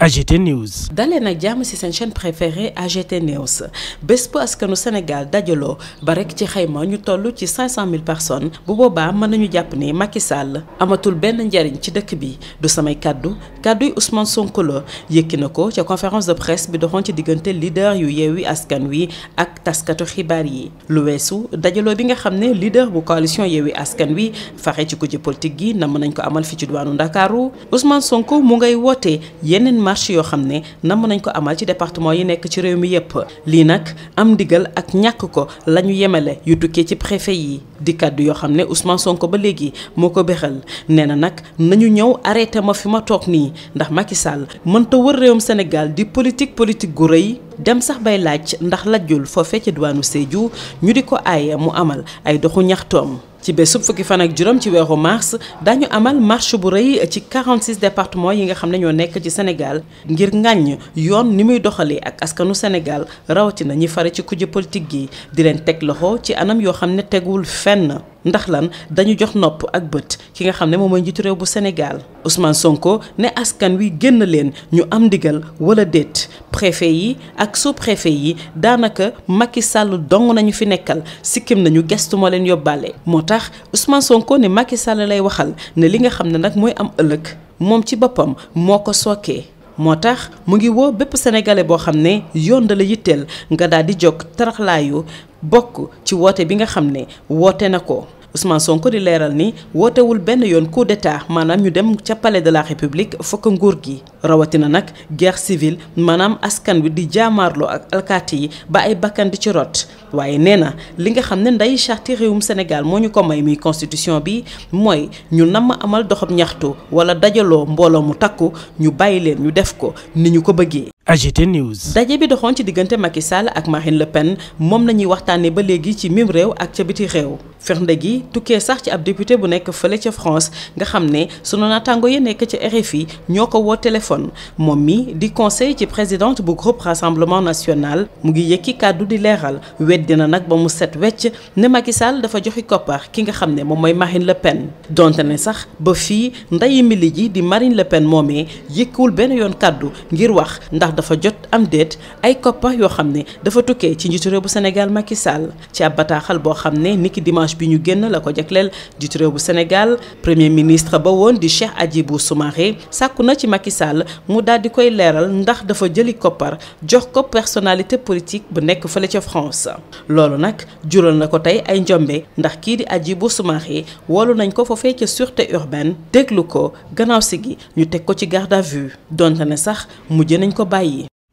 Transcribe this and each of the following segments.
AGT News. dalee nag jàmm ci seen chaîne préférée AGT News bés bu askanu Sénégal dajaloo ba rekk ci xayma ñu toll ci 500 000 personnes bu boobaa mën nañu jàpp ne Macky Sall amatul benn njariñ ci dëkk bi du samay kàddu kàdduy Ousmane Sonko la yëkki na ko ca conférence de presse bi doxoon ci diggante leader yu Yewwi Askan Wi ak taskatu xibaar yi lu weesu dajaloo bi nga xam ne leader bu coalition Yewwi Askan Wi faxe ci kujje politique gi mën nañ ko amal fi ci diwaanu Ndakaaru marche yoo xam ne namm nañ ko amal ci département yi nekk ci réew mi yépp lii nag am ndigal ak ñàkk ko la ñu yemale yu tukkee ci préfet yi di kàddu yoo xam ne Ousmane Sonko ba léegi moo ko béxal nee na nag nañu ñëw arrêté ma fi ma toog nii ndax Macky Sall mënta wër réewum Sénégal di politique politique gu rëy dem sax bay laaj ndax lajjul foofee ca diwaanu Sédhiou ñu di ko aaye mu amal ay doxu ñaxtoom ci bés sub fukki fan ak juróom ci weexu mars dañu amal marche bu rëy ci 46 départements yi nga xam ne ñoo nekk ci senegal ngir ngàññ yoon ni muy doxalee ak askanu Sénégal rawatina ñi fare ci kuje politique gi di leen teg loxo ci anam yoo xam ne teguwul fenn. ndax lan dañu jox nopp ak bët ki nga xam ne moom mooy njiitu réew bu senegal Ousmane Sonko ne askan wi génn leen ñu am ndigal wala déet préfet yi ak sous-préfet yi daanaka mag yi Sall dong nañu fi nekkal sikkim nañu gestu leen yóbbaale tax Ousmane Sonko ne Macky Sall lay waxal ne li nga xam ne nag mooy am ëllëg moom ci boppam moo ko sookee moo tax mu ngi woo bépp sénégalais boo xam ne yoon da la yitteel nga daal di jóg taraxlaayu bokk ci woote bi nga xam ne woote na ko. Ousmane Sonko di leeral ni wootewul benn yoon coup d'état maanaam ñu dem ca palais de la république fokk nguur gi rawatina nag guerre civile maanaam askan wi di jaamaarloo ak alkaati yi ba ay bakkan ci rot waaye nee na li nga xam ne ndey charte réewum Sénégal moo ñu ko may muy constitution bi mooy ñu namm amal doxab ñaxtu wala dajaloo mbooloo mu takku ñu bàyyi leen ñu def ko ni ñu ko bëggee. AGT News. daje bi doxoon ci diggante Macky Sall ak Marine Le Pen moom la ñuy waxtaanee ba léegi ci mim réew ak ca biti réew firnde gi tukkee sax ci ab député bu nekk fële ca France nga xam ne sunu naataango yi nekk ca RFI ñoo ko woo téléphone moom mi di conseil ci présidente bu groupe rassemblement national mu ngi yëkki kàddu di leeral weddi na nag ba mu set wecc ne Macky Sall dafa joxi koppar ki nga xam ne moom mooy Marine Le Pen donte ne sax ba fii ndayi mili ji di Marine Le Pen moomee yëkkiwul benn yoon kàddu ngir wax dafa jot am déet ay koppa yoo xam ne dafa tukkee ci njiitu réew bu Sénégal Macky Sall ci ab bataaxal boo xam ne niki dimanche bi ñu génn la ko jagleel njiitu réew bu Sénégal premier ministre ba woon di Cheikh Hadjibou Soumaré sàkku na ci Macky Sall mu daal di koy leeral ndax dafa jëli koppar jox ko personnalité politique bu nekk fële ca France loolu nag jural na ko tey ay njombe ndax kii di Hadjibou Soumaré woolu nañ ko foofee ca sûreté urbaine déglu ko gannaaw si gi ñu teg ko ci garde à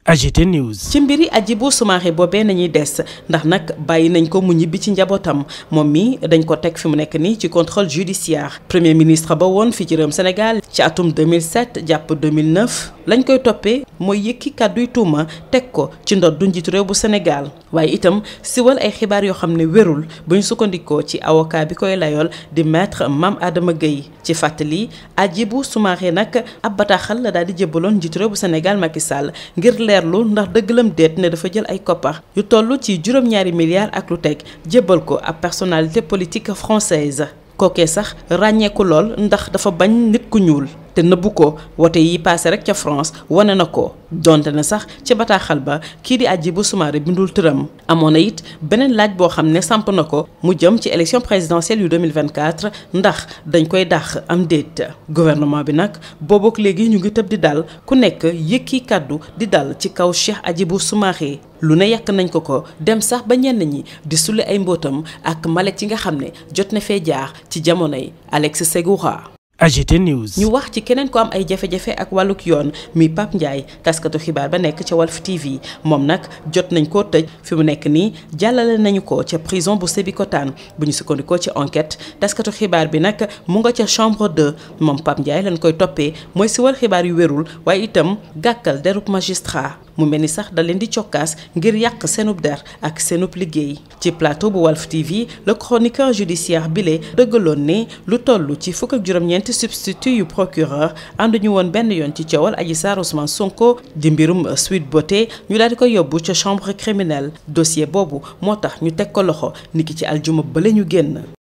AGT News. ci mbiri Hadjibou Soumaré boobee nañuy des ndax nag bàyyi nañ ko mu ñibbi ci njabootam moom mi dañ ko teg fi mu nekk nii ci contrôle judiciaire premier ministre ba woon fii ci réewum Sénégal ci atum 2007 jàpp 2009. lañ koy toppee mooy yëkki kàdduy tuuma teg ko ci ndodd du njiit réew bu senegaal waaye itam siwal ay xibaar yoo xam ne wérul bu sukkandikoo ci avocat bi koy layoon di maître Mame Adama Gueye ci fàttali Hadjibou Soumaré nag ab bataaxal la daal di jébbaloon njiitu réew bu Sénégal Macky Sall ngir leerlu ndax dëggalam deet ne dafa jël ay koppar yu toll ci juróom-ñaari ak lu teg jébbal ko ab personnalité politique française kookee sax ràññeeku lool ndax dafa bañ nit ku ñuul te nëbbu ko wote yi passé rek ca France wane na ko donte na sax ca bataaxal ba kii di Hadjibou Soumaré bindul tëram amoon na it beneen laaj boo xam ne samp na ko mu jëm ci élection présidentielle yu 2024 ndax dañ koy dàq am déet gouvernement bi nag boobook léegi ñu ngi tëb di dal ku nekk yëkki kàddu di dal ci kaw Cheikh Hadjibou Soumaré lu ne yàq nañ ko ko dem sax ba ñenn ñi di sulli ay mbóotam ak male yi nga xam ne jot na fee jaar ci jamonoy Alex Segura AGT News. ñu wax ci keneen ko am ay jafe-jafe ak wàlluk yoon muy Pape Ndiaye taskatu xibaar ba nekk ca Walf TV moom nag jot nañ koo tëj fi mu nekk nii jàllale nañu ko ca prison bu sebi Sébikotane bu ñu sukkandikoo ci enquête taskatu xibaar bi nag mu nga ca chambre de moom Pape Ndiaye lañ koy toppee mooy siwal xibaar yu wérul waaye itam gàkkal derub magistrat. mu mel ni sax da leen di cokkaas ngir yàq seenub der ak seenub liggéey ci plateau bu Walf TV le chroniqueur judiciaire bile dëggaloon ne lu toll ci fukk ak juróom-ñeenti substitut yu procureur ànduñu woon benn yoon ci coowal Adji Sarr Ousmane Sonko di mbirum suite Beauté ñu daal di ko yóbbu ca chambre criminelle dossier boobu moo tax ñu teg ko loxo niki ci aljuma bale ñu génn